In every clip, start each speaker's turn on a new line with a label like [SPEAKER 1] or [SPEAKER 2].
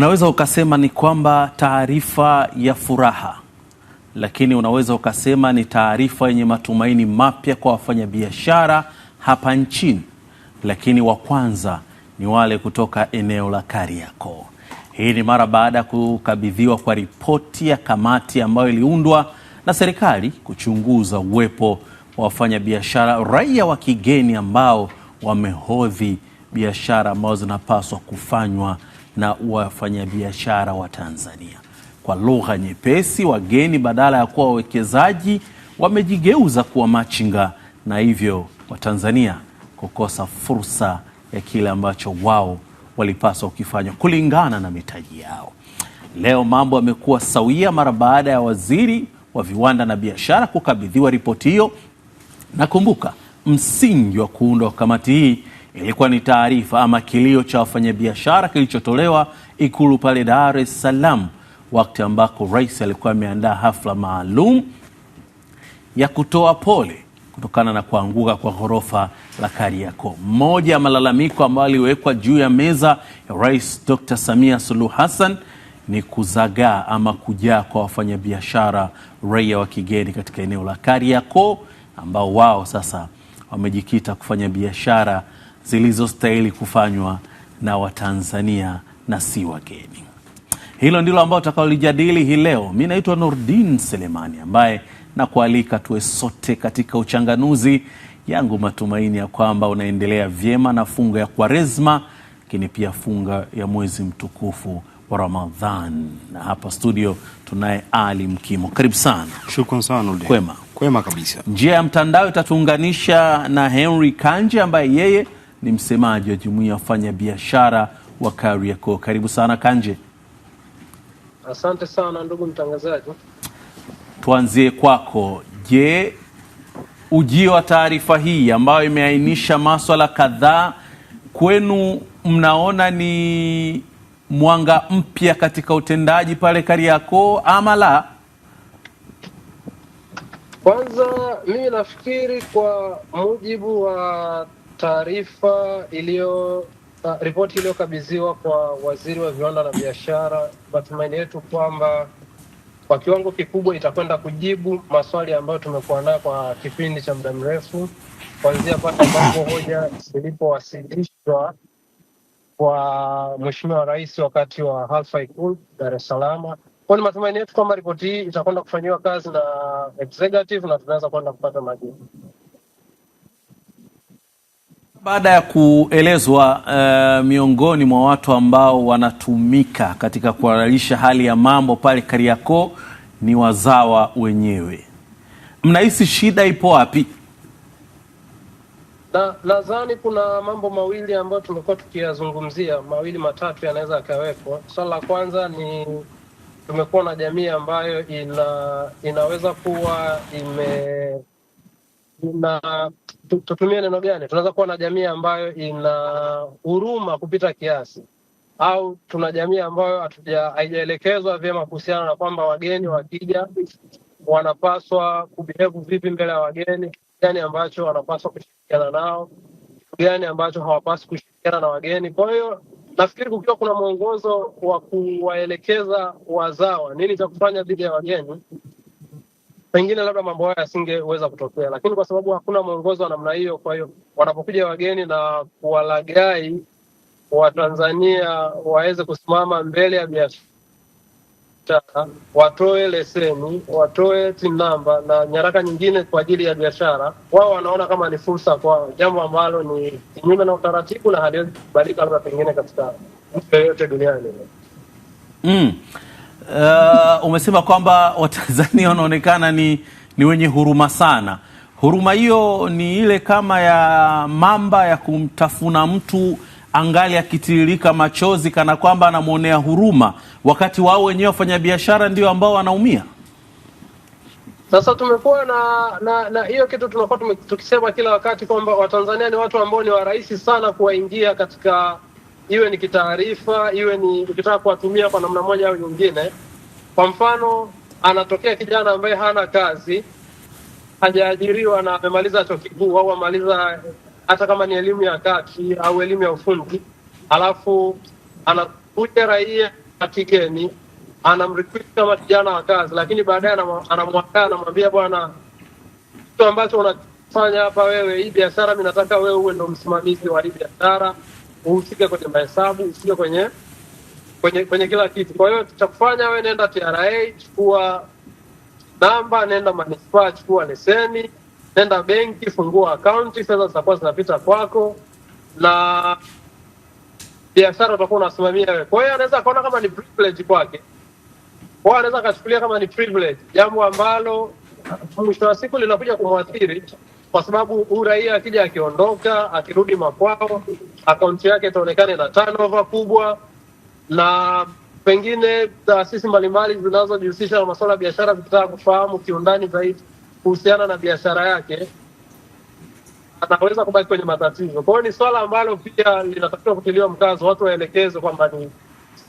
[SPEAKER 1] Unaweza ukasema ni kwamba taarifa ya furaha, lakini unaweza ukasema ni taarifa yenye matumaini mapya kwa wafanyabiashara hapa nchini, lakini wa kwanza ni wale kutoka eneo la Kariakoo. Hii ni mara baada ya kukabidhiwa kwa ripoti ya kamati ambayo iliundwa na serikali kuchunguza uwepo wa wafanyabiashara raia wa kigeni ambao wamehodhi biashara ambazo zinapaswa kufanywa na wafanyabiashara wa Tanzania. Kwa lugha nyepesi, wageni badala ya kuwa wawekezaji wamejigeuza kuwa machinga, na hivyo Watanzania kukosa fursa ya kile ambacho wao walipaswa kukifanya kulingana na mitaji yao. Leo mambo yamekuwa sawia mara baada ya waziri wa viwanda na biashara kukabidhiwa ripoti hiyo. Nakumbuka msingi wa kuundwa kwa kamati hii Ilikuwa ni taarifa ama kilio cha wafanyabiashara kilichotolewa Ikulu pale Dar es Salaam, wakati ambako rais alikuwa ameandaa hafla maalum ya kutoa pole kutokana na kuanguka kwa ghorofa la Kariakoo. mmoja ya malalamiko ambayo aliwekwa juu ya meza ya Rais Dr. Samia Suluhu Hassan ni kuzagaa ama kujaa kwa wafanyabiashara raia wa kigeni katika eneo la Kariakoo ambao wao sasa wamejikita kufanya biashara zilizostahili kufanywa na Watanzania na si wageni. Hilo ndilo ambao tutakaolijadili hii leo. Mi naitwa Nordin Selemani ambaye nakualika tuwe sote katika uchanganuzi. Yangu matumaini ya kwamba unaendelea vyema na funga ya Kwaresma, lakini pia funga ya mwezi mtukufu wa Ramadhan. Na hapa studio tunaye Ali Mkimo, karibu sana.
[SPEAKER 2] Shukran sana. Kwema, kwema kabisa.
[SPEAKER 1] Njia ya mtandao itatuunganisha na Henry Kanje ambaye yeye ni msemaji wa jumuiya ya wafanya biashara wa Kariakoo. Karibu sana Kanje.
[SPEAKER 3] Asante sana ndugu mtangazaji,
[SPEAKER 1] tuanzie kwako. Je, ujio wa taarifa hii ambayo imeainisha maswala kadhaa kwenu mnaona ni mwanga mpya katika utendaji pale Kariakoo ama la?
[SPEAKER 3] Kwanza mimi nafikiri kwa mujibu wa Taarifa iliyo uh, ripoti iliyokabidhiwa kwa waziri wa viwanda na biashara, matumaini yetu kwamba kwa kiwango kikubwa itakwenda kujibu maswali ambayo tumekuwa nayo kwa kipindi cha muda mrefu, kuanzia pale ambapo hoja zilipowasilishwa kwa Mheshimiwa Rais wakati wa halfa ikulu Dar es Salaam. Kwa ni matumaini yetu kwamba ripoti hii itakwenda kufanyiwa kazi na executive na tunaweza kwenda kupata majibu.
[SPEAKER 1] Baada ya kuelezwa uh, miongoni mwa watu ambao wanatumika katika kuhalalisha hali ya mambo pale Kariakoo ni wazawa wenyewe, mnahisi shida ipo wapi?
[SPEAKER 3] Na nadhani kuna mambo mawili ambayo tumekuwa tukiyazungumzia, mawili matatu yanaweza yakawepo. Swala la kwanza ni tumekuwa na jamii ambayo ina, inaweza kuwa ime tuna tutumie neno gani? Tunaweza kuwa na jamii ambayo ina huruma kupita kiasi, au tuna jamii ambayo haijaelekezwa vyema kuhusiana na kwamba wageni wakija wanapaswa kubehevu vipi mbele ya wageni, gani ambacho wanapaswa kushirikiana nao, gani ambacho hawapaswi kushirikiana na wageni. Kwa hiyo nafikiri kukiwa kuna mwongozo wa kuwaelekeza wazawa nini cha kufanya dhidi ya wageni, pengine labda mambo hayo yasingeweza kutokea, lakini kwa sababu hakuna mwongozo wa namna hiyo, kwa hiyo wanapokuja wageni na kuwalagai Watanzania waweze kusimama mbele ya biashara, watoe leseni, watoe TIN namba na nyaraka nyingine kwa ajili ya biashara, wao wanaona kama ni fursa kwao, jambo ambalo ni kinyume na utaratibu na haliwezi kubadilika labda pengine katika nchi yoyote duniani.
[SPEAKER 1] mm uh, umesema kwamba Watanzania wanaonekana ni, ni wenye huruma sana. Huruma hiyo ni ile kama ya mamba ya kumtafuna mtu angali akitiririka machozi, kana kwamba anamwonea huruma, wakati wao wenyewe wafanyabiashara ndio ambao wanaumia.
[SPEAKER 3] Sasa tumekuwa na na na hiyo kitu tunakuwa tukisema kila wakati kwamba Watanzania ni watu ambao ni warahisi sana kuwaingia katika iwe ni kitaarifa, iwe ni ukitaka kuwatumia kwa namna moja au nyingine. Kwa mfano, anatokea kijana ambaye hana kazi, hajaajiriwa na amemaliza chuo kikuu au amaliza hata kama ni elimu ya kati au elimu ya ufundi, alafu anakuja raia wa kigeni kama kijana wa kazi, lakini baadaye anamwakaa, anamwambia bwana, kitu ambacho unafanya hapa wewe, hii biashara mimi nataka wewe uwe ndo msimamizi wa hii biashara uhusike kwenye mahesabu, usike kwenye kwenye kwenye kila kitu. Kwa hiyo cha kufanya wewe, nenda TRA chukua namba, nenda manispaa chukua leseni, nenda benki fungua akaunti, fedha zitakuwa zinapita kwako na biashara utakuwa unasimamia wewe. Kwa hiyo anaweza akaona kama ni privilege kwake, kwa hiyo anaweza akachukulia kama ni privilege, jambo ambalo mwisho wa siku linakuja kumwathiri, kwa sababu uraia akija akiondoka, akirudi makwao akaunti yake itaonekana ina turnover kubwa, na pengine taasisi mbalimbali zinazojihusisha na masuala ya biashara zikitaka kufahamu kiundani zaidi kuhusiana na biashara yake anaweza kubaki kwenye matatizo. Kwa hiyo ni swala ambalo pia linatakiwa kutiliwa mkazo, watu waelekezwe kwamba ni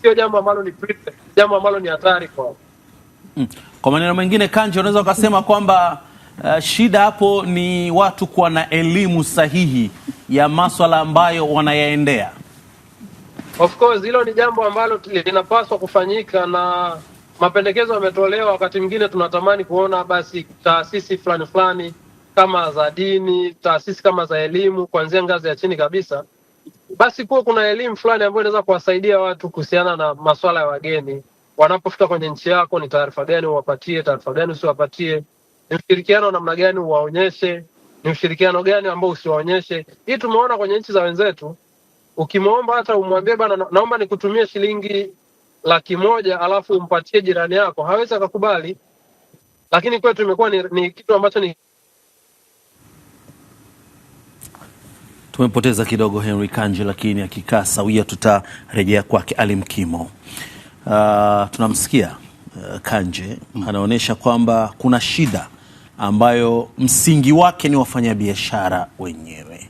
[SPEAKER 3] sio jambo ambalo ni jambo ambalo ni hatari kwao.
[SPEAKER 1] Mm. Kwa maneno mengine, Kanji, unaweza ukasema kwamba Uh, shida hapo ni watu kuwa na elimu sahihi ya maswala ambayo wanayaendea.
[SPEAKER 3] Of course hilo ni jambo ambalo linapaswa kufanyika na mapendekezo yametolewa. Wakati mwingine tunatamani kuona basi taasisi fulani fulani kama za dini, taasisi kama za elimu, kuanzia ngazi ya chini kabisa, basi kuwa kuna elimu fulani ambayo inaweza kuwasaidia watu kuhusiana na maswala ya wageni. Wanapofika kwenye nchi yako, ni taarifa gani uwapatie, taarifa gani usiwapatie ni ushirikiano namna gani uwaonyeshe, ni ushirikiano gani ambao usiwaonyeshe. Hii tumeona kwenye nchi za wenzetu, ukimwomba hata umwambie bana, naomba nikutumie shilingi laki moja alafu umpatie jirani yako, hawezi akakubali. Lakini kwetu imekuwa ni, ni kitu ambacho ni
[SPEAKER 1] tumepoteza kidogo Henry Kanje, lakini akikaa sawia tutarejea kwake. Ali Mkimo, uh, tunamsikia uh, Kanje mm. anaonyesha kwamba kuna shida ambayo msingi wake ni wafanyabiashara wenyewe.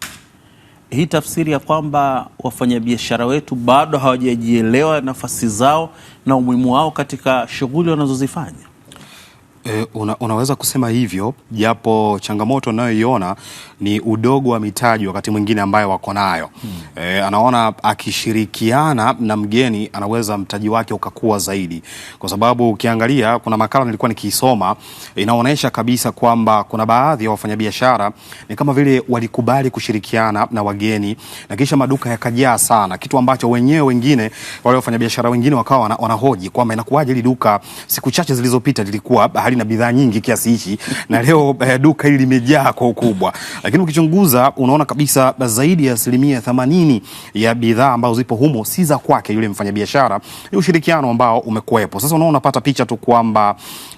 [SPEAKER 1] Hii tafsiri ya kwamba wafanyabiashara wetu bado hawajajielewa nafasi zao na umuhimu wao katika shughuli wanazozifanya
[SPEAKER 2] E, una, unaweza kusema hivyo japo changamoto unayoiona ni udogo wa mitaji wakati mwingine ambayo wako nayo hmm. E, anaona akishirikiana na mgeni anaweza mtaji wake ukakua zaidi, kwa sababu ukiangalia kuna makala nilikuwa nikisoma inaonyesha kabisa kwamba kuna baadhi ya wafanyabiashara ni kama vile walikubali kushirikiana na wageni na kisha maduka yakajaa sana, kitu ambacho wenyewe wengine wale wafanyabiashara wengine wakawa wanahoji kwamba inakuwaje hili duka siku chache zilizopita lilikuwa bahari na bidhaa nyingi kiasi hichi, na leo eh, duka hili limejaa kwa ukubwa, lakini ukichunguza unaona kabisa zaidi ya asilimia themanini ya bidhaa ambazo zipo humo si za kwake yule mfanyabiashara, ni ushirikiano ambao umekuwepo. Sasa unaona unapata picha tu kwamba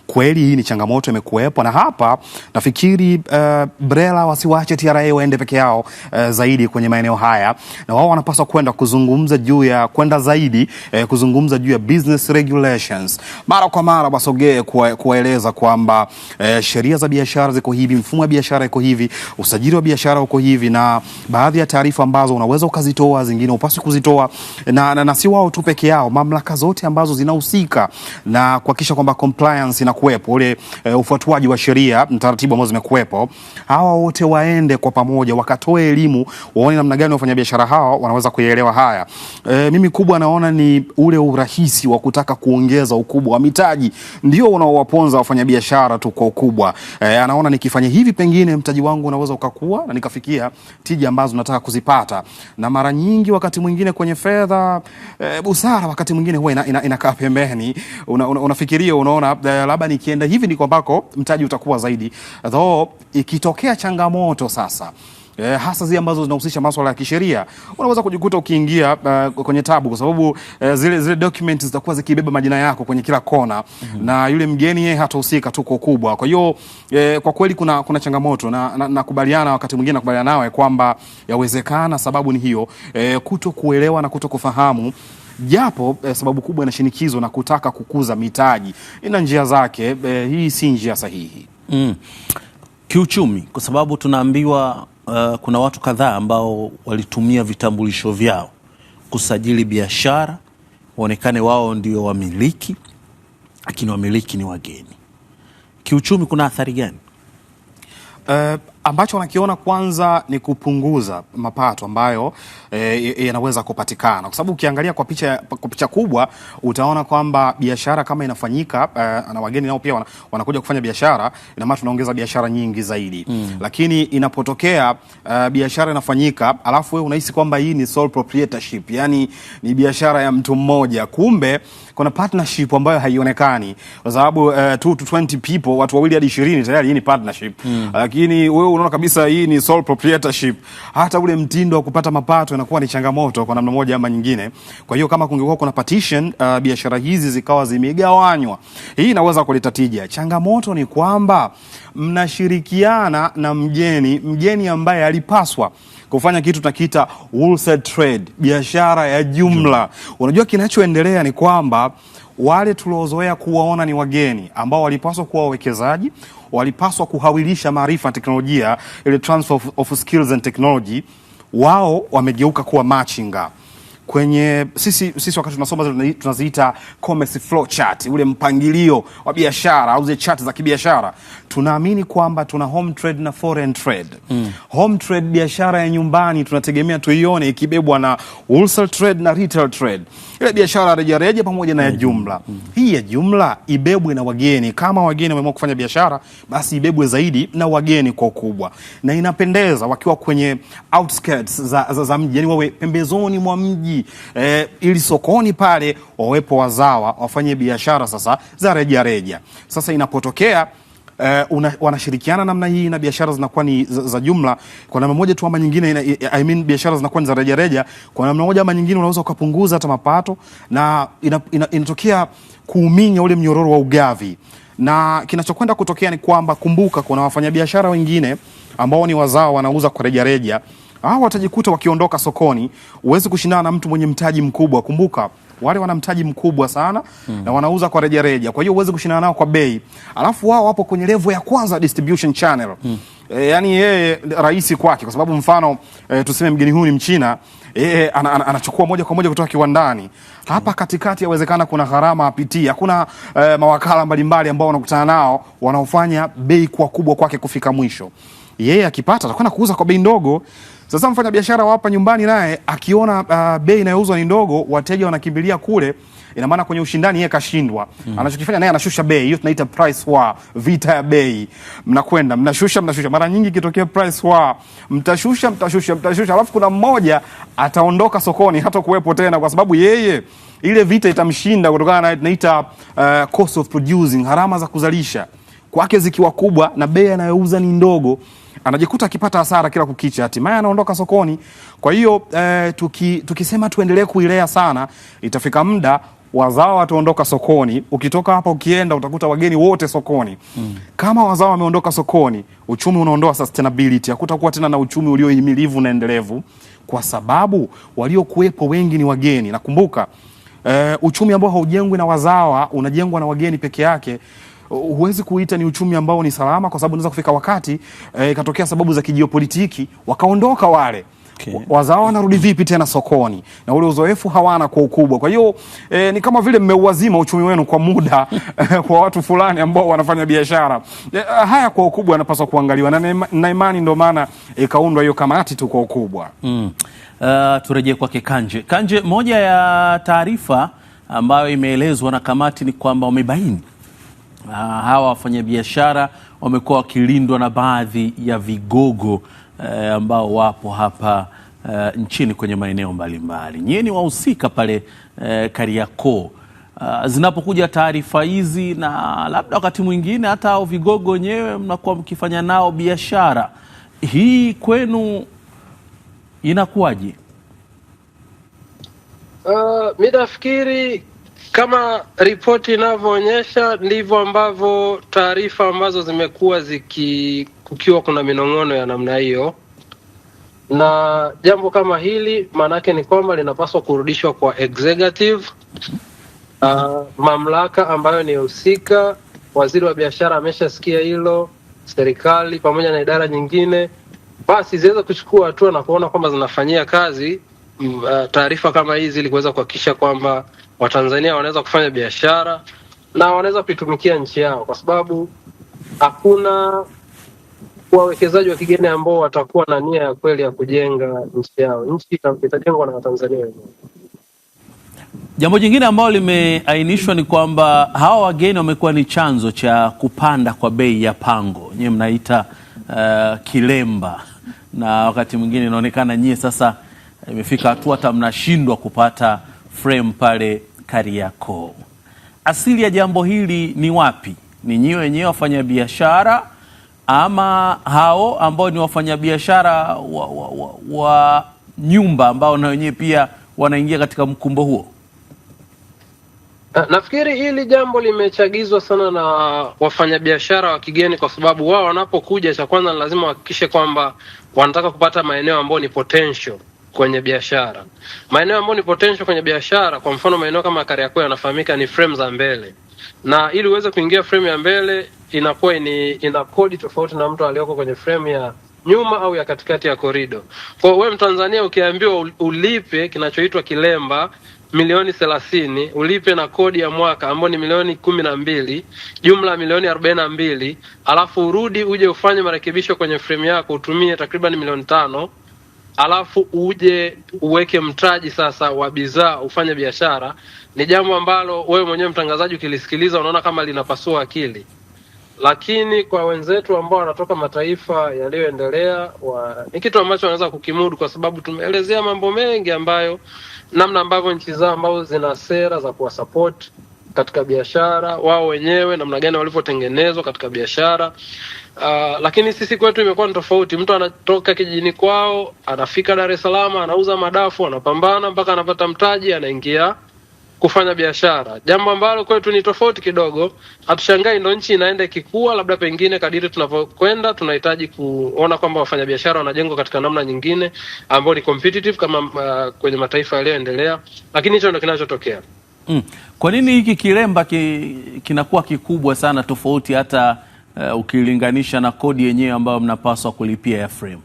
[SPEAKER 2] kweli hii ni changamoto imekuwepo, na hapa nafikiri uh, BRELA wasiwache TRA waende peke yao uh, zaidi kwenye maeneo haya, na wao wanapaswa kwenda kuzungumza juu ya kwenda zaidi uh, kuzungumza juu ya business regulations mara kwa mara wasogee kuwaeleza kueleza kwamba e, sheria za biashara ziko hivi, mfumo wa biashara iko hivi, usajili wa biashara uko hivi, na baadhi ya taarifa ambazo unaweza ukazitoa, zingine upasi kuzitoa, na, na, na si wao tu peke yao, mamlaka zote ambazo zinahusika na kuhakikisha kwamba compliance inakuwepo ule e, ufuatuaji wa sheria taratibu ambazo zimekuwepo, hawa wote waende kwa pamoja wakatoe elimu, waone namna gani wafanyabiashara hawa wanaweza kuielewa haya. E, mimi kubwa naona ni ule urahisi wa kutaka kuongeza ukubwa wa mitaji ndio unaowaponza mfanyabiashara tu kwa ukubwa e, anaona nikifanya hivi pengine mtaji wangu unaweza ukakua na nikafikia tija ambazo nataka kuzipata. Na mara nyingi wakati mwingine kwenye fedha e, busara wakati mwingine huwa inakaa ina, ina pembeni, unafikiria una, una unaona e, labda nikienda hivi ndiko ambako mtaji utakuwa zaidi, though ikitokea changamoto sasa eh, hasa zile ambazo zinahusisha masuala ya kisheria, unaweza kujikuta ukiingia uh, kwenye tabu kwa sababu uh, zile, zile documents zitakuwa zikibeba majina yako kwenye kila kona mm -hmm. na yule mgeni yeye hatahusika tu kwa ukubwa. Kwa hiyo eh, kwa kweli kuna, kuna changamoto na nakubaliana na wakati mwingine nakubaliana nawe kwamba yawezekana sababu ni hiyo eh, kuto kuelewa na kuto kufahamu japo eh, sababu kubwa ina shinikizo na kutaka kukuza mitaji ina njia zake eh, hii si njia sahihi
[SPEAKER 1] mm. Kiuchumi, kwa sababu tunaambiwa uh, kuna watu kadhaa ambao walitumia vitambulisho vyao kusajili biashara waonekane wao ndio wamiliki, lakini wamiliki ni wageni. Kiuchumi kuna athari gani?
[SPEAKER 2] Uh, ambacho wanakiona kwanza ni kupunguza mapato ambayo eh, yanaweza e, yanaweza kupatikana kwa sababu ukiangalia kwa picha, kwa picha kubwa utaona kwamba biashara kama inafanyika e, na wageni nao pia wanakuja kufanya biashara, ina maana tunaongeza biashara nyingi zaidi mm. Lakini inapotokea e, biashara inafanyika alafu wewe unahisi kwamba hii ni sole proprietorship, yani ni biashara ya mtu mmoja, kumbe kuna partnership ambayo haionekani kwa sababu e, 2 to 20 people, watu wawili hadi 20 tayari hii ni partnership mm. Lakini wewe unaona kabisa hii ni sole proprietorship. Hata ule mtindo wa kupata mapato inakuwa ni changamoto kwa namna moja ama nyingine. Kwa hiyo kama kungekuwa kuna partition, uh, biashara hizi zikawa zimegawanywa, hii inaweza kuleta tija. Changamoto ni kwamba mnashirikiana na mgeni, mgeni ambaye alipaswa kufanya kitu tunakiita wholesale trade, biashara ya jumla. Unajua kinachoendelea ni kwamba wale tuliozoea kuwaona ni wageni ambao walipaswa kuwa wawekezaji, walipaswa kuhawilisha maarifa ya teknolojia, ile transfer of, of skills and technology, wao wamegeuka kuwa machinga kwenye sisi, sisi wakati tunasoma tunaziita commerce flow chart, ule mpangilio wa biashara au zile chart za kibiashara. Tunaamini kwamba tuna home trade na foreign trade mm. Home trade biashara ya nyumbani tunategemea tuione ikibebwa na wholesale trade na retail trade, ile biashara ya rejareja pamoja na ya jumla mm. mm. Hii ya jumla ibebwe na wageni. Kama wageni wameamua kufanya biashara, basi ibebwe zaidi na wageni kwa ukubwa, na inapendeza wakiwa kwenye outskirts za, za, za mji, yani wawe pembezoni mwa mji hii e, ili sokoni pale wawepo wazawa wafanye biashara sasa za reja reja. Sasa inapotokea e, una, wanashirikiana namna hii na biashara zinakuwa ni za, za jumla kwa namna moja tu ama nyingine ina, I mean biashara zinakuwa ni za reja reja kwa namna moja ama nyingine, unaweza ukapunguza hata mapato na ina, ina, inatokea kuuminya ule mnyororo wa ugavi na kinachokwenda kutokea ni kwamba kumbuka, kuna wafanyabiashara wengine ambao ni wazawa wanauza kwa rejareja. reja hao watajikuta wakiondoka sokoni. Huwezi kushindana na mtu mwenye mtaji mkubwa. Kumbuka wale wana mtaji mkubwa sana mm. na wanauza kwa rejareja, kwa hiyo huwezi kushindana nao kwa bei. Alafu wao wapo kwenye level ya kwanza distribution channel mm. E, yani yeye rahisi kwake kwa sababu mfano e, tuseme mgeni huyu ni Mchina yeye anachukua ana, ana moja kwa moja kutoka kiwandani hapa hmm. katikati, yawezekana kuna gharama apitie, hakuna e, mawakala mbalimbali ambao wanakutana nao wanaofanya bei kwa kubwa kwake kufika mwisho. Yeye akipata atakwenda kuuza kwa bei ndogo. Sasa mfanyabiashara wa hapa nyumbani naye akiona uh, bei inayouzwa ni ndogo, wateja wanakimbilia kule, ina maana kwenye ushindani yeye kashindwa. mm Anachokifanya naye anashusha bei, hiyo tunaita price war, vita ya bei. Mnakwenda mnashusha mnashusha, mara nyingi kitokea price war mtashusha mtashusha mtashusha, alafu kuna mmoja ataondoka sokoni, hata kuwepo tena, kwa sababu yeye ile vita itamshinda kutokana na tunaita uh, cost of producing, gharama za kuzalisha kwake zikiwa kubwa na bei anayouza ni ndogo anajikuta akipata hasara kila kukicha, hatimaye anaondoka sokoni. Kwa hiyo eh, tuki, tukisema tuendelee kuilea sana, itafika muda wazawa wataondoka sokoni. Ukitoka hapa ukienda utakuta wageni wote sokoni mm. Kama wazawa wameondoka sokoni, uchumi unaondoa sustainability, hakutakuwa tena na uchumi uliohimilivu na endelevu, kwa sababu waliokuwepo wengi ni wageni. Nakumbuka eh, uchumi ambao haujengwi na wazawa unajengwa na wageni peke yake huwezi kuita ni uchumi ambao ni salama, kwa sababu unaweza kufika wakati eh, ikatokea e, sababu za kijiopolitiki wakaondoka wale Okay. Wazao wanarudi vipi tena sokoni na ule uzoefu hawana kwa ukubwa. Kwa hiyo e, ni kama vile mmeuazima uchumi wenu kwa muda kwa watu fulani ambao wanafanya biashara e, haya kwa ukubwa yanapaswa kuangaliwa na imani, ndio maana ikaundwa hiyo kamati tu kwa ukubwa
[SPEAKER 1] mm. Uh, turejee kwake Kanje. Kanje, moja ya taarifa ambayo imeelezwa na kamati ni kwamba wamebaini Uh, hawa wafanyabiashara wamekuwa wakilindwa na baadhi ya vigogo uh, ambao wapo hapa uh, nchini kwenye maeneo mbalimbali. Nyie ni wahusika pale uh, Kariakoo. Uh, zinapokuja taarifa hizi na labda wakati mwingine hata au vigogo wenyewe mnakuwa mkifanya nao biashara, hii kwenu inakuwaje?
[SPEAKER 3] Uh, mi nafikiri kama ripoti inavyoonyesha ndivyo ambavyo taarifa ambazo zimekuwa ziki, kukiwa kuna minong'ono ya namna hiyo, na jambo kama hili maanake ni kwamba linapaswa kurudishwa kwa executive uh, mamlaka ambayo ni husika. Waziri wa biashara ameshasikia hilo, serikali pamoja na idara nyingine, basi ziweze kuchukua hatua na kuona kwamba zinafanyia kazi uh, taarifa kama hizi ili kuweza kuhakikisha kwamba Watanzania wanaweza kufanya biashara na wanaweza kuitumikia nchi yao, kwa sababu hakuna wawekezaji wa kigeni ambao watakuwa na nia ya kweli ya kujenga nchi yao. Nchi itajengwa na Watanzania wenyewe.
[SPEAKER 1] Jambo jingine ambalo limeainishwa ni kwamba hawa wageni wamekuwa ni chanzo cha kupanda kwa bei ya pango, nyiwe mnaita uh, kilemba, na wakati mwingine inaonekana nyie sasa imefika hatua hata mnashindwa kupata frame pale Kariakoo. Asili ya jambo hili ni wapi? Ni nyinyi wenyewe wafanyabiashara ama hao ambao ni wafanyabiashara wa, wa, wa, wa nyumba ambao na wenyewe pia wanaingia katika mkumbo huo?
[SPEAKER 3] Nafikiri hili jambo limechagizwa sana na wafanyabiashara wa kigeni, kwa sababu wao wanapokuja, cha kwanza lazima wahakikishe kwamba wanataka kupata maeneo ambayo ni potential kwenye biashara. Maeneo ambayo ni potential kwenye biashara, kwa mfano maeneo kama Kariakoo yanafahamika ni frame za mbele, na ili uweze kuingia frame ya mbele inakuwa ni ina kodi tofauti na mtu aliyoko kwenye frame ya nyuma au ya katikati ya korido. Kwa hiyo wewe Mtanzania ukiambiwa ulipe kinachoitwa kilemba milioni thelathini ulipe na kodi ya mwaka ambayo ni milioni kumi na mbili jumla milioni arobaini na mbili alafu urudi uje ufanye marekebisho kwenye fremu yako utumie takriban milioni tano alafu uje uweke mtaji sasa wa bidhaa ufanye biashara, ni jambo ambalo wewe mwenyewe mtangazaji ukilisikiliza unaona kama linapasua akili, lakini kwa wenzetu ambao wanatoka mataifa yaliyoendelea wa... ni kitu ambacho wanaweza kukimudu, kwa sababu tumeelezea mambo mengi ambayo namna ambavyo nchi zao ambazo zina sera za kuwasapoti katika biashara wao wenyewe namna gani walivyotengenezwa katika biashara. Uh, lakini sisi kwetu imekuwa ni tofauti. Mtu anatoka kijijini kwao anafika Dar es Salaam, anauza madafu, anapambana mpaka anapata mtaji, anaingia kufanya biashara, jambo ambalo kwetu ni tofauti kidogo. Hatushangai ndo nchi inaenda ikikua, labda pengine kadiri tunavyokwenda tunahitaji kuona kwamba wafanyabiashara wanajengwa katika namna nyingine ambayo ni competitive kama uh, kwenye mataifa yaliyoendelea, lakini hicho ndo kinachotokea.
[SPEAKER 1] Mm. Kwa nini hiki kilemba ki, kinakuwa kikubwa sana tofauti hata uh, ukilinganisha na kodi yenyewe ambayo mnapaswa kulipia ya frame?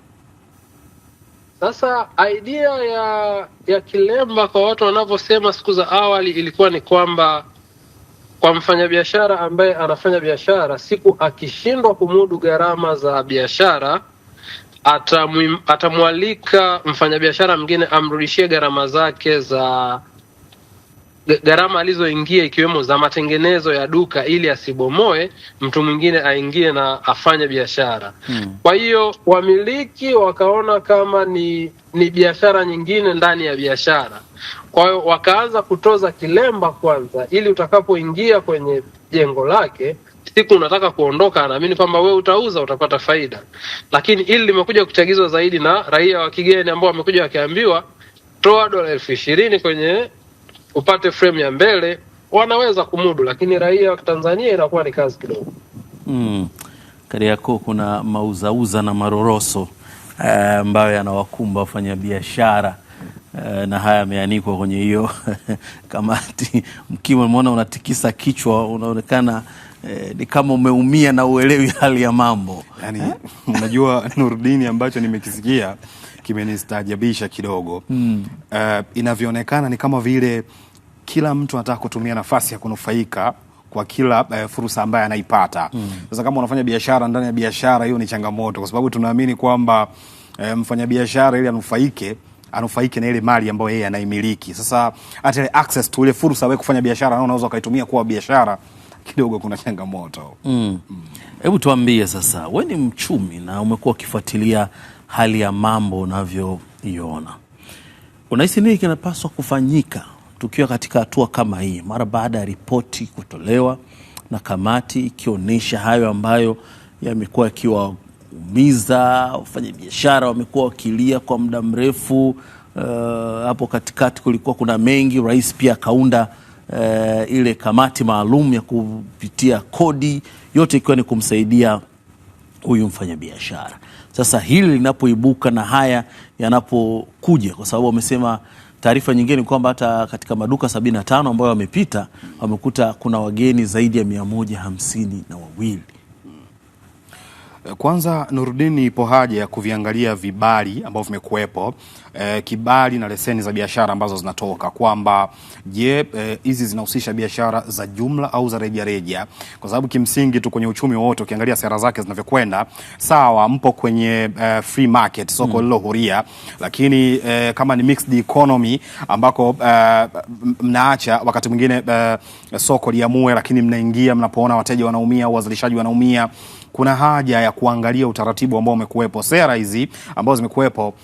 [SPEAKER 3] Sasa idea ya ya kilemba kwa watu wanavyosema siku za awali ilikuwa ni kwamba kwa mfanyabiashara ambaye anafanya biashara, siku akishindwa kumudu gharama za biashara atamwalika mfanyabiashara mwingine amrudishie gharama zake za gharama alizoingia ikiwemo za matengenezo ya duka ili asibomoe, mtu mwingine aingie na afanye biashara hmm. Kwa hiyo wamiliki wakaona kama ni ni biashara nyingine ndani ya biashara, kwa hiyo wakaanza kutoza kilemba kwanza, ili utakapoingia kwenye jengo lake siku unataka kuondoka, anaamini kwamba wewe utauza utapata faida. Lakini hili limekuja kuchagizwa zaidi na raia wa kigeni ambao wamekuja wakiambiwa toa dola elfu ishirini kwenye upate frame ya mbele wanaweza kumudu, lakini raia wa Tanzania inakuwa ni kazi kidogo.
[SPEAKER 1] Mm. Kariakoo kuna mauzauza na maroroso eh, ambayo uh, yanawakumba wafanyabiashara uh, na haya yameanikwa kwenye hiyo kamati. Mkiwa mmeona unatikisa kichwa, unaonekana uh, ni kama umeumia na uelewi hali ya mambo.
[SPEAKER 2] yani, unajua Nurdini, ambacho nimekisikia kimenistajabisha kidogo mm. Uh, inavyoonekana ni kama vile kila mtu anataka kutumia nafasi ya kunufaika kwa kila uh, fursa ambayo anaipata mm. sasa Kama unafanya biashara ndani ya biashara hiyo ni changamoto, kwa sababu tunaamini kwamba uh, mfanyabiashara ili anufaike anufaike na ile mali ambayo yeye anaimiliki. Sasa hata ile access tu ile fursa wewe kufanya biashara na unaweza ukaitumia kuwa biashara kidogo kuna changamoto.
[SPEAKER 1] Hmm. Hmm. Hebu mm. mm. tuambie sasa, wewe ni mchumi na umekuwa ukifuatilia hali ya mambo unavyoiona. Unahisi nini kinapaswa kufanyika tukiwa katika hatua kama hii, mara baada ya ripoti kutolewa na kamati ikionyesha hayo ambayo yamekuwa yakiwaumiza wafanyabiashara, wamekuwa wakilia kwa muda mrefu. Uh, hapo katikati kulikuwa kuna mengi. Rais pia akaunda uh, ile kamati maalum ya kupitia kodi, yote ikiwa ni kumsaidia huyu mfanyabiashara. Sasa hili linapoibuka na haya yanapokuja, kwa sababu wamesema taarifa nyingine ni kwamba hata katika maduka sabini na tano ambayo wamepita wamekuta kuna wageni zaidi ya mia moja hamsini na wawili.
[SPEAKER 2] Kwanza nurudini ipo haja ya kuviangalia vibali ambavyo vimekuwepo eh, kibali na leseni za biashara ambazo zinatoka kwamba je, eh, hizi eh, zinahusisha biashara za jumla au za rejareja? Kwa sababu kimsingi tu kwenye uchumi wote ukiangalia sera zake zinavyokwenda, sawa, mpo kwenye eh, free market, soko hmm. lilo huria, lakini eh, kama ni mixed economy ambako eh, mnaacha wakati mwingine eh, soko liamue, lakini mnaingia mnapoona wateja wanaumia au wazalishaji wanaumia kuna haja ya kuangalia utaratibu ambao umekuwepo, sera hizi ambazo zimekuwepo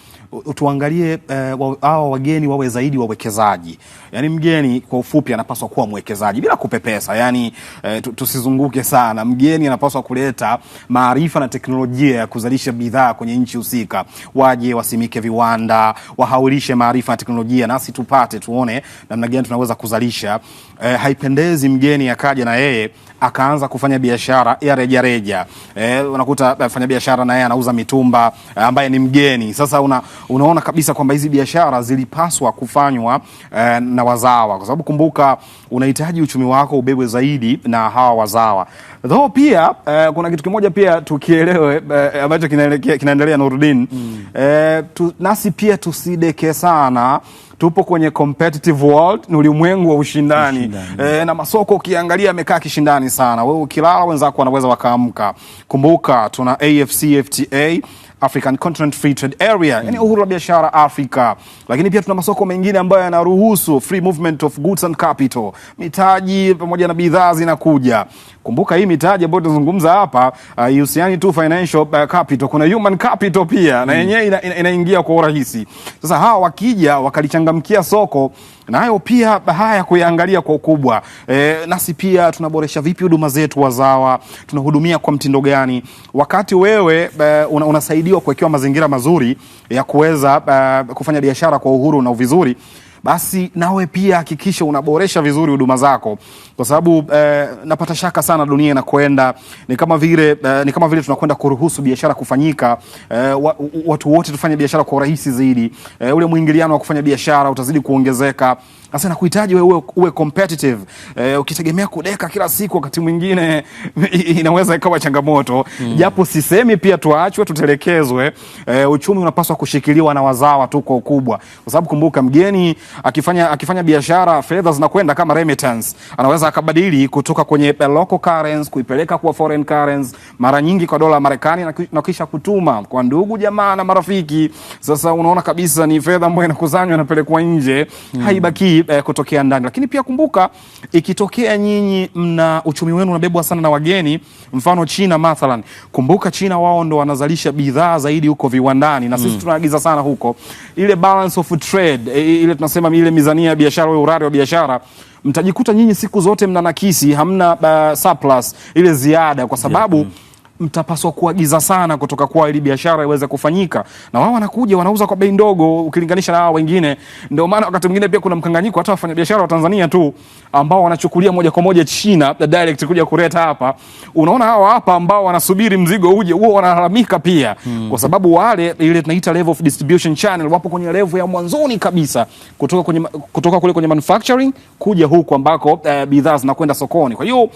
[SPEAKER 2] tuangalie eh, hawa uh, wageni wawe zaidi wawekezaji. Yani mgeni kwa ufupi anapaswa kuwa mwekezaji bila kupepesa, yani uh, eh, tusizunguke sana. Mgeni anapaswa kuleta maarifa na teknolojia ya kuzalisha bidhaa kwenye nchi husika, waje wasimike viwanda, wahaulishe maarifa na teknolojia, nasi tupate tuone namna gani tunaweza kuzalisha. Uh, haipendezi mgeni akaja na yeye akaanza kufanya biashara ya reja. Eh, unakuta mfanyabiashara na yeye anauza mitumba ambaye ni mgeni. Sasa una unaona kabisa kwamba hizi biashara zilipaswa kufanywa eh, na wazawa, kwa sababu kumbuka, unahitaji uchumi wako ubebwe zaidi na hawa wazawa though pia eh, kuna kitu kimoja pia tukielewe eh, ambacho kinaendelea Nurdin, mm. eh, tu, nasi pia tusideke sana tupo kwenye competitive world, ni ulimwengu wa ushindani, ushindani. E, na masoko ukiangalia amekaa kishindani sana. Wewe ukilala wenzako wanaweza wakaamka. Kumbuka tuna AFCFTA African Continent Free Trade Area, yani uhuru wa biashara Afrika. Lakini pia tuna masoko mengine ambayo yanaruhusu free movement of goods and capital, mitaji pamoja na bidhaa zinakuja. Kumbuka hii mitaji ambayo tunazungumza hapa ah, ihusiani uh, tu financial uh, capital, kuna human capital pia na hmm. yenyewe inaingia ina, ina kwa urahisi. Sasa hawa wakija wakalichangamkia soko nayo pia haya ya kuyaangalia kwa ukubwa e, nasi pia tunaboresha vipi huduma zetu wazawa, tunahudumia kwa mtindo gani? Wakati wewe e, una, unasaidiwa kuwekewa mazingira mazuri ya kuweza e, kufanya biashara kwa uhuru na uvizuri basi nawe pia hakikisha unaboresha vizuri huduma zako, kwa sababu eh, napata shaka sana dunia inakwenda ni kama vile eh, ni kama vile tunakwenda kuruhusu biashara kufanyika eh, watu wote tufanye biashara kwa urahisi zaidi eh, ule mwingiliano wa kufanya biashara utazidi kuongezeka. Sasa nakuhitaji wewe uwe competitive. E, ukitegemea kudeka kila siku wakati mwingine inaweza ikawa changamoto mm. Japo sisemi pia tuachwe tutelekezwe. E, uchumi unapaswa kushikiliwa na wazawa tu kwa ukubwa, kwa sababu kumbuka, mgeni akifanya akifanya biashara, fedha zinakwenda kama remittance, anaweza akabadili kutoka kwenye eh, local currency kuipeleka kwa foreign currency, mara nyingi kwa dola ya Marekani na kisha kutuma kwa ndugu jamaa na marafiki. Sasa unaona kabisa ni fedha ambayo inakusanywa inapelekwa nje mm. haibaki eh, kutokea ndani. Lakini pia kumbuka, ikitokea nyinyi mna uchumi wenu unabebwa sana na wageni, mfano China mathalan. Kumbuka China wao ndo wanazalisha bidhaa zaidi huko viwandani na sisi mm. tunaagiza sana huko, ile balance of trade, eh, ile tunasema ile mizania ya biashara au urari wa biashara mtajikuta nyinyi siku zote mna nakisi, hamna uh, surplus ile ziada, kwa sababu yeah. Mm-hmm mtapaswa kuagiza sana kutoka kwao ili biashara iweze kufanyika, na wao wanakuja wanauza kwa bei ndogo ukilinganisha na wao wengine. Ndio maana wakati mwingine pia kuna mkanganyiko, hata wafanyabiashara wa Tanzania tu ambao wanachukulia moja kwa moja China direct kuja kuleta hapa. Unaona hao hapa ambao wanasubiri mzigo uje, huo wanalalamika pia hmm, kwa sababu wale ile tunaita level of distribution channel wapo kwenye level ya mwanzoni kabisa kutoka kwenye, kutoka kule kwenye manufacturing kuja huku ambako uh, bidhaa zinakwenda sokoni, kwa hiyo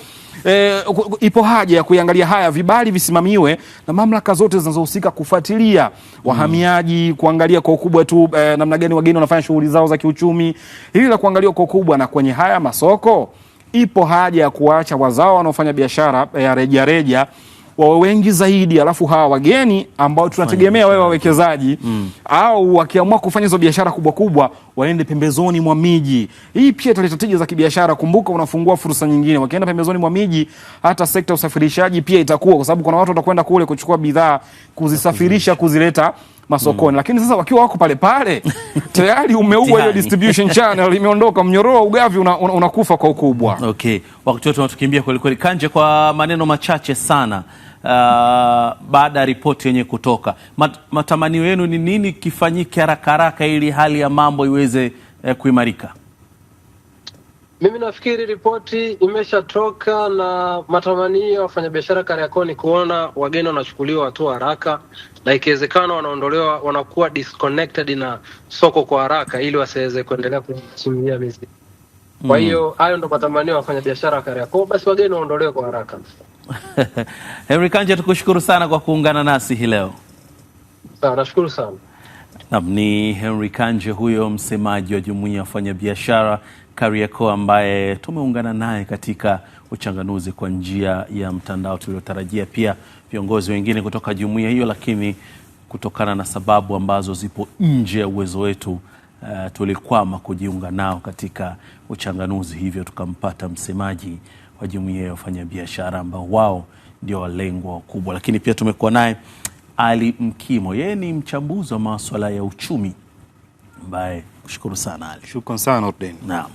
[SPEAKER 2] e, ipo haja ya kuiangalia haya vibali visimamiwe na mamlaka zote zinazohusika kufuatilia wahamiaji, kuangalia kwa ukubwa tu e, namna gani wageni wanafanya shughuli zao za kiuchumi. Hili la kuangalia kwa ukubwa, na kwenye haya masoko ipo haja ya kuacha wazao wanaofanya biashara eh, ya rejareja wawe wengi zaidi, alafu hawa wageni ambao tunategemea wawe wawekezaji mm. au wakiamua kufanya hizo biashara kubwa kubwa waende pembezoni mwa miji. Hii pia italeta tija za kibiashara. Kumbuka, unafungua fursa nyingine. Wakienda pembezoni mwa miji, hata sekta ya usafirishaji pia itakuwa, kwa sababu kuna watu watakwenda kule kuchukua bidhaa, kuzisafirisha, kuzileta masokoni mm. Lakini sasa wakiwa wako pale pale tayari umeua hiyo distribution channel, imeondoka. Mnyororo wa ugavi unakufa una, una kwa ukubwa.
[SPEAKER 1] Okay, wakati wote unatukimbia kwelikweli. Kanje, kwa maneno machache sana uh, baada ya ripoti yenye kutoka. Mat, matamanio yenu ni nini kifanyike haraka haraka ili hali ya mambo iweze eh, kuimarika?
[SPEAKER 3] Mimi nafikiri ripoti imeshatoka na matamanio ya wafanyabiashara Kariakoo ni kuona wageni wanachukuliwa hatua haraka, na ikiwezekana wanaondolewa, wanakuwa disconnected na soko kwa haraka, ili wasiweze kuendelea kuchimbia mizigo. Kwa mm. hiyo hayo ndo matamanio ya wafanyabiashara Kariakoo, basi wageni waondolewe kwa haraka.
[SPEAKER 1] Henry kanje tukushukuru sana kwa kuungana nasi hii leo.
[SPEAKER 3] Sawa, nashukuru sana.
[SPEAKER 1] Naam, ni Henry Kanje huyo msemaji wa jumuiya ya wafanyabiashara Kariakoo ambaye tumeungana naye katika uchanganuzi kwa njia ya mtandao. Tuliotarajia pia viongozi wengine kutoka jumuiya hiyo, lakini kutokana na sababu ambazo zipo nje ya uwezo wetu uh, tulikwama kujiunga nao katika uchanganuzi, hivyo tukampata msemaji wa jumuiya ya wafanyabiashara ambao wao ndio walengwa wakubwa. Lakini pia tumekuwa naye Ali Mkimo, yeye ni mchambuzi wa maswala ya uchumi ambaye, kushukuru sana Ali.
[SPEAKER 2] Shukrani sana Orden.
[SPEAKER 1] Naam.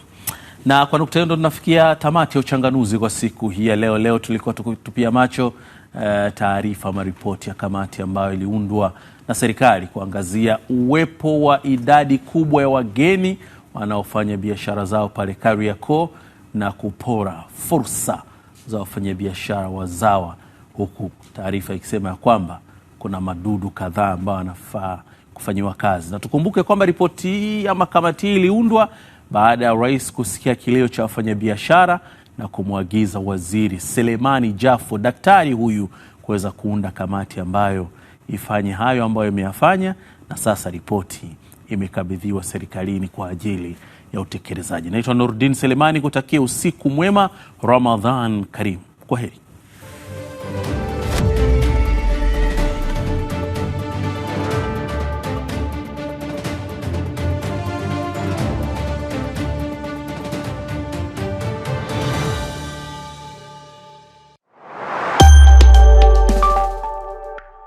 [SPEAKER 1] Na kwa nukta hiyo ndo tunafikia tamati ya uchanganuzi kwa siku hii ya leo. Leo tulikuwa tukitupia macho uh, taarifa ama ripoti ya kamati ambayo iliundwa na serikali kuangazia uwepo wa idadi kubwa ya wageni wanaofanya biashara zao pale Kariakoo na kupora fursa za wafanyabiashara wazawa, huku taarifa ikisema ya kwamba kuna madudu kadhaa ambayo wanafaa kufanyiwa kazi. Na tukumbuke kwamba ripoti hii ama kamati hii iliundwa baada ya rais kusikia kilio cha wafanyabiashara na kumwagiza waziri Selemani Jafo, daktari huyu, kuweza kuunda kamati ambayo ifanye hayo ambayo imeyafanya, na sasa ripoti imekabidhiwa serikalini kwa ajili ya utekelezaji. Naitwa Nurdin Selemani, kutakia usiku mwema, Ramadhan Karim. Kwa heri.